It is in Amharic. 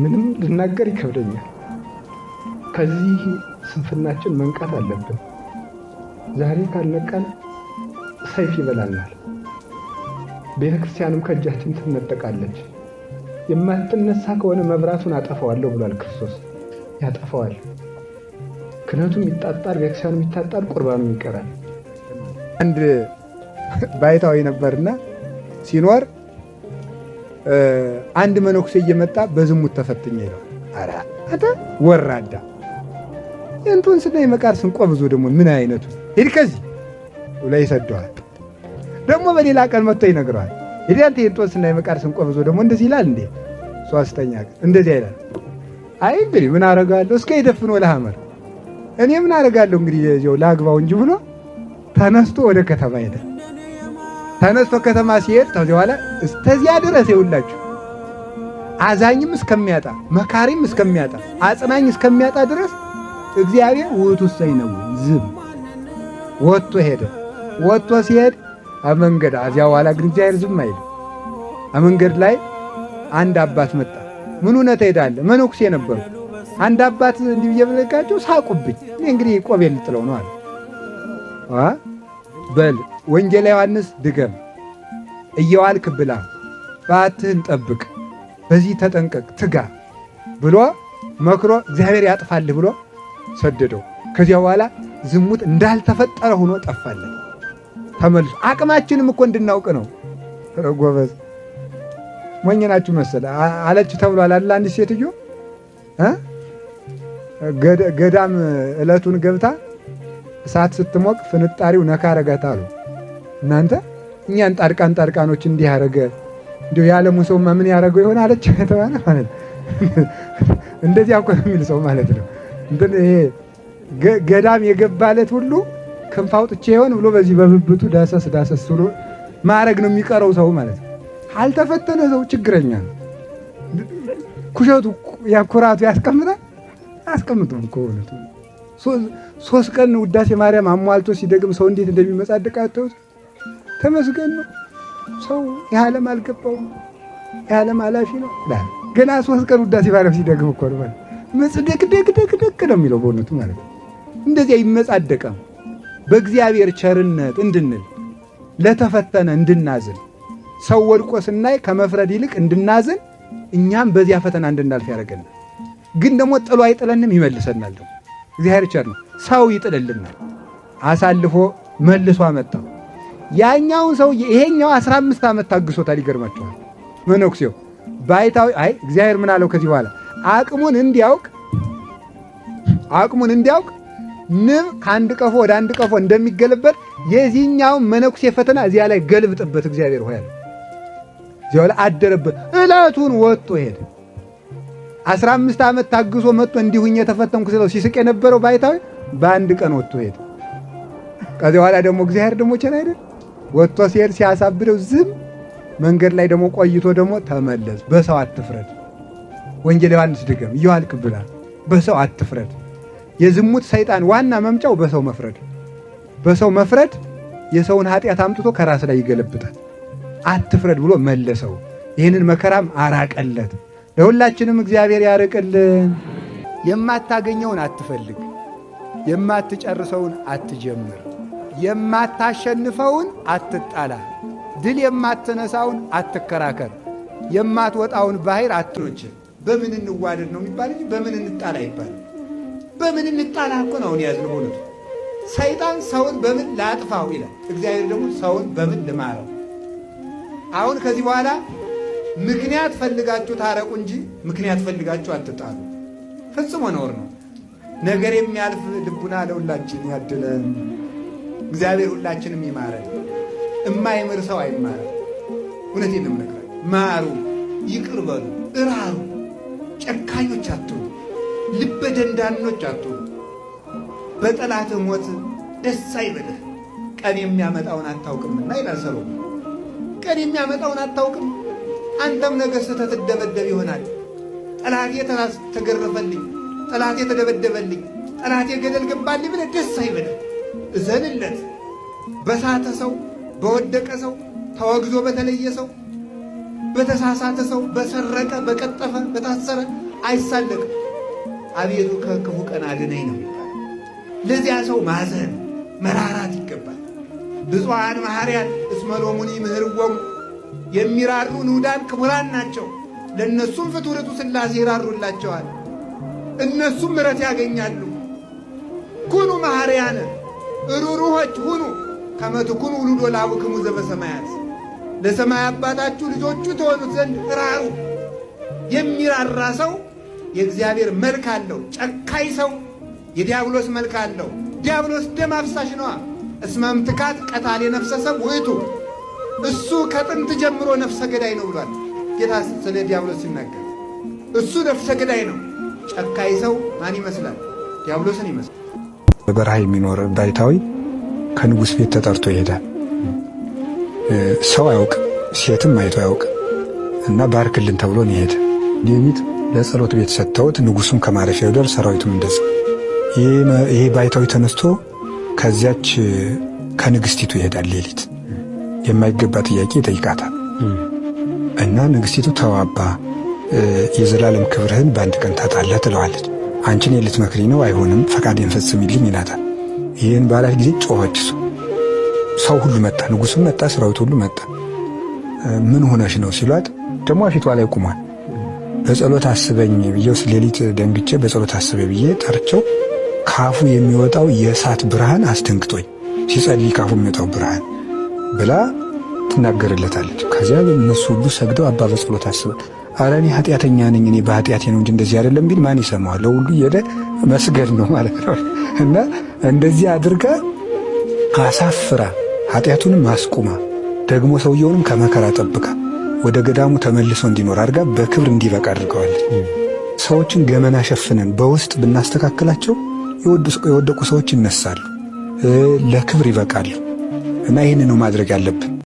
ምንም ልናገር ይከብደኛል። ከዚህ ስንፍናችን መንቃት አለብን። ዛሬ ካልነቃን ሰይፍ ይበላናል። ቤተ ክርስቲያንም ከእጃችን ትነጠቃለች። የማትነሳ ከሆነ መብራቱን አጠፋዋለሁ ብሏል ክርስቶስ። ያጠፋዋል። ክህነቱም ይጣጣል፣ ቤተክርስቲያኑም ይታጣል፣ ቁርባኑም ይቀራል። አንድ ባይታዊ ነበርና ሲኖር አንድ መነኩሴ እየመጣ በዝሙት ተፈትኝ ይለዋል። ኧረ አንተ ወራዳ የእንጦንስና የመቃርስ እንቆብዞ ደግሞ ምን አይነቱ ሂድ ከዚህ ብሎ ይሰደዋል። ደግሞ በሌላ ቀን መጥቶ ይነግረዋል። ሂድ አንተ የእንጦንስና የመቃርስ እንቆብዞ ደግሞ እንደዚህ ይላል እንዴ? ሶስተኛ ቀን እንደዚያ ይላል። አይ እንግዲህ ምን አረጋለሁ እስከ ይደፍኖ ለሐመር እኔ ምን አረጋለሁ እንግዲህ ላግባው እንጂ ብሎ ተነስቶ ወደ ከተማ ሄደ። ተነስቶ ከተማ ሲሄድ ተዚ በኋላ እስከዚያ ድረስ ይውላችሁ አዛኝም እስከሚያጣ መካሪም እስከሚያጣ አጽናኝ እስከሚያጣ ድረስ እግዚአብሔር ውእቱ ነው ዝም ወጥቶ ሄደ። ወጥቶ ሲሄድ አመንገድ አዚያ በኋላ ግን እግዚአብሔር ዝም አይል። አመንገድ ላይ አንድ አባት መጣ። ምን ሆነ ትሄዳለህ? መነኩሴ ነበሩ። አንድ አባት እንዲህ ብዬ ሳቁብኝ። እኔ እንግዲህ ቆቤ ልጥለው ነው አለ። በል ወንጌላ ዮሐንስ ድገም፣ እየዋልክ ብላ፣ በዓትህን ጠብቅ፣ በዚህ ተጠንቀቅ፣ ትጋ ብሎ መክሮ እግዚአብሔር ያጥፋልህ ብሎ ሰደደው። ከዚያ በኋላ ዝሙት እንዳልተፈጠረ ሆኖ ጠፋለን። ተመልሶ አቅማችንም እኮ እንድናውቅ ነው። ጎበዝ ሞኝ ናችሁ መሰለ አለች ተብሏል አለ አንድ ሴትዮ ገዳም ዕለቱን ገብታ እሳት ስትሞቅ ፍንጣሪው ነካ ረጋት አሉ። እናንተ እኛን ጣርቃን ጣርቃኖች እንዲህ ያደረገ እንዲ የዓለሙ ሰው ምን ያደረገው ይሆን አለች ተባለ ማለት እንደዚያ እኮ የሚል ሰው ማለት ነው። ይሄ ገዳም የገባለት ሁሉ ክንፍ አውጥቼ ይሆን ብሎ በዚህ በብብቱ ዳሰስ ዳሰስ ብሎ ማድረግ ነው የሚቀረው ሰው ማለት ነው። አልተፈተነ ሰው ችግረኛ ነው። ኩሸቱ ያኩራቱ ያስቀምጣል አያስቀምጡም እኮ እውነቱ ሶስት ቀን ውዳሴ ማርያም አሟልቶ ሲደግም ሰው እንዴት እንደሚመጻደቅ ተመስገን ነው። ሰው ይህ ዓለም አልገባውም፣ ይህ ዓለም አላፊ ነው። ገና ሶስት ቀን ውዳሴ ባለም ሲደግም እኮ ነው መጽደቅ ደቅ ደቅ ደቅ ነው የሚለው በእውነቱ ማለት ነው። እንደዚያ ይመጻደቀም በእግዚአብሔር ቸርነት እንድንል ለተፈተነ እንድናዝን ሰው ወድቆ ስናይ ከመፍረድ ይልቅ እንድናዝን እኛም በዚያ ፈተና እንድናልፍ ያደረገናል። ግን ደግሞ ጥሎ አይጥለንም፣ ይመልሰናል። ደግሞ እግዚአብሔር ቸር ነው። ሰው ይጥልልናል፣ አሳልፎ መልሶ አመጣው። ያኛውን ሰው ይሄኛው 15 ዓመት ታግሶታል። ይገርማችኋል። መነኩሴው ባይታዊ አይ እግዚአብሔር ምን አለው? ከዚህ በኋላ አቅሙን እንዲያውቅ አቅሙን እንዲያውቅ ንብ ከአንድ ቀፎ ወደ አንድ ቀፎ እንደሚገለበጥ የዚህኛውን መነኩሴ ፈተና እዚያ ላይ ገልብጥበት እግዚአብሔር ሆይ አለ። እዚያው ላይ አደረበት። እለቱን ወጥቶ ሄደ። 15 ዓመት ታግሶ መጥቶ እንዲሁኝ የተፈተንኩ ስለው ሲስቅ የነበረው ባይታዊ በአንድ ቀን ወጥቶ ሄደ። ከዚህ በኋላ ደግሞ እግዚአብሔር ደግሞ ቸር አይደል? ወጥቶ ሲሄድ ሲያሳብደው ዝም መንገድ ላይ ደግሞ ቆይቶ ደግሞ ተመለስ። በሰው አትፍረድ። ወንጌል ዮሐንስ ድገም እየዋልክ ብላ በሰው አትፍረድ። የዝሙት ሰይጣን ዋና መምጫው በሰው መፍረድ። በሰው መፍረድ የሰውን ኃጢአት አምጥቶ ከራስ ላይ ይገለብጣል። አትፍረድ ብሎ መለሰው። ይህንን መከራም አራቀለት። ለሁላችንም እግዚአብሔር ያርቅልን። የማታገኘውን አትፈልግ፣ የማትጨርሰውን አትጀምር። የማታሸንፈውን አትጣላ፣ ድል የማትነሳውን አትከራከር፣ የማትወጣውን ባህር አትሮች። በምን እንዋደድ ነው የሚባል እንጂ በምን እንጣላ ይባል። በምን እንጣላ እኮ ነው ያዝነው ሰይጣን ሰውን በምን ላጥፋው ይላል፣ እግዚአብሔር ደግሞ ሰውን በምን ልማረው። አሁን ከዚህ በኋላ ምክንያት ፈልጋችሁ ታረቁ እንጂ ምክንያት ፈልጋችሁ አትጣሉ። ፍጹም ነውር ነው። ነገር የሚያልፍ ልቡና ለሁላችን ያድለን። እግዚአብሔር ሁላችንም ይማረን። እማይምር ሰው አይማረ። እውነቴን ነው የምነግራችሁ። ማሩ፣ ይቅር በሉ፣ እራሩ። ጨካኞች አትሁኑ። ልበ ደንዳኖች አትሁኑ። በጠላት ሞት ደስ አይበልህ፣ ቀን የሚያመጣውን አታውቅምና ይላል ሰሎሞን። ቀን የሚያመጣውን አታውቅም። አንተም ነገ ስተህ ትደበደብ ይሆናል። ጠላቴ ተገረፈልኝ፣ ጠላቴ ተደበደበልኝ፣ ጠላቴ ገደል ገባልኝ ብለህ ደስ አይበልህ። እዘንለት። በሳተ ሰው፣ በወደቀ ሰው፣ ተወግዞ በተለየ ሰው፣ በተሳሳተ ሰው፣ በሰረቀ፣ በቀጠፈ፣ በታሰረ አይሳለቅም። አቤቱ ከክፉ ቀን አድነኝ ነው። ለዚያ ሰው ማዘን መራራት ይገባል። ብፁዓን መሐርያን እስመ ሎሙኒ ምህርወሙ የሚራሩ ንዑዳን ክቡራን ናቸው። ለእነሱም ፍትውረቱ ሥላሴ ይራሩላቸዋል፣ እነሱም ምረት ያገኛሉ። ኩኑ መሐርያነ ሩሩሆች ሁኑ ከመትኩን ውሉዶ ላቡክሙ ዘበሰማያት ለሰማይ አባታችሁ ልጆቹ ተሆኑት ዘንድ ራሩ። የሚራራ ሰው የእግዚአብሔር መልክ አለው። ጨካኝ ሰው የዲያብሎስ መልክ አለው። ዲያብሎስ ደም አፍሳሽ ነዋ። እስመም ትካት ቀታል ነፍሰ ሰብ ውእቱ እሱ ከጥንት ጀምሮ ነፍሰ ገዳይ ነው ብሏል ጌታ ስለ ዲያብሎስ ሲናገር። እሱ ነፍሰ ገዳይ ነው። ጨካኝ ሰው ማን ይመስላል? ዲያብሎስን ይመስላል። በበረሃ የሚኖር ባይታዊ ከንጉሥ ቤት ተጠርቶ ይሄዳል። ሰው አያውቅም፣ ሴትም አይቶ አያውቅም እና ባርክልን ተብሎ ነው ይሄድ ሌሊት ለጸሎት ቤት ሰጥተውት ንጉሱም ከማረፊያ ይደር ሰራዊቱም እንደዚ። ይሄ ባይታዊ ተነስቶ ከዚያች ከንግስቲቱ ይሄዳል። ሌሊት የማይገባ ጥያቄ ይጠይቃታል እና ንግስቲቱ ተዋባ የዘላለም ክብርህን በአንድ ቀን ታጣለህ ትለዋለች። አንቺን መክሪ ነው፣ አይሆንም፣ ፈቃዴን ፈጽሚልኝ ይላታል። ይህን ባላት ጊዜ ጮኸች። እሱ ሰው ሁሉ መጣ፣ ንጉስም መጣ፣ ሰራዊት ሁሉ መጣ። ምን ሆነሽ ነው ሲሏት ደግሞ ፊቷ ላይ ቁሟል። በጸሎት አስበኝ ብዬው ሌሊት ደንግቼ በጸሎት አስበ ብዬ ጠርቸው ካፉ የሚወጣው የእሳት ብርሃን አስደንግጦኝ ሲጸልይ ካፉ የሚወጣው ብርሃን ብላ ትናገርለታለች። ከዚያ እነሱ ሁሉ ሰግደው አባ በጸሎት አስበ አረ እኔ ኃጢአተኛ ነኝ እኔ በኃጢአቴ ነው እንጂ እንደዚህ አይደለም ቢል ማን ይሰማዋል? ለሁሉ የደ መስገድ ነው ማለት ነው። እና እንደዚህ አድርጋ አሳፍራ ኃጢአቱንም አስቁማ ደግሞ ሰውየውንም ከመከራ ጠብቃ ወደ ገዳሙ ተመልሶ እንዲኖር አድርጋ በክብር እንዲበቃ አድርገዋለች። ሰዎችን ገመና ሸፍነን በውስጥ ብናስተካክላቸው የወደቁ ሰዎች ይነሳሉ፣ ለክብር ይበቃሉ። እና ይህን ነው ማድረግ ያለብን።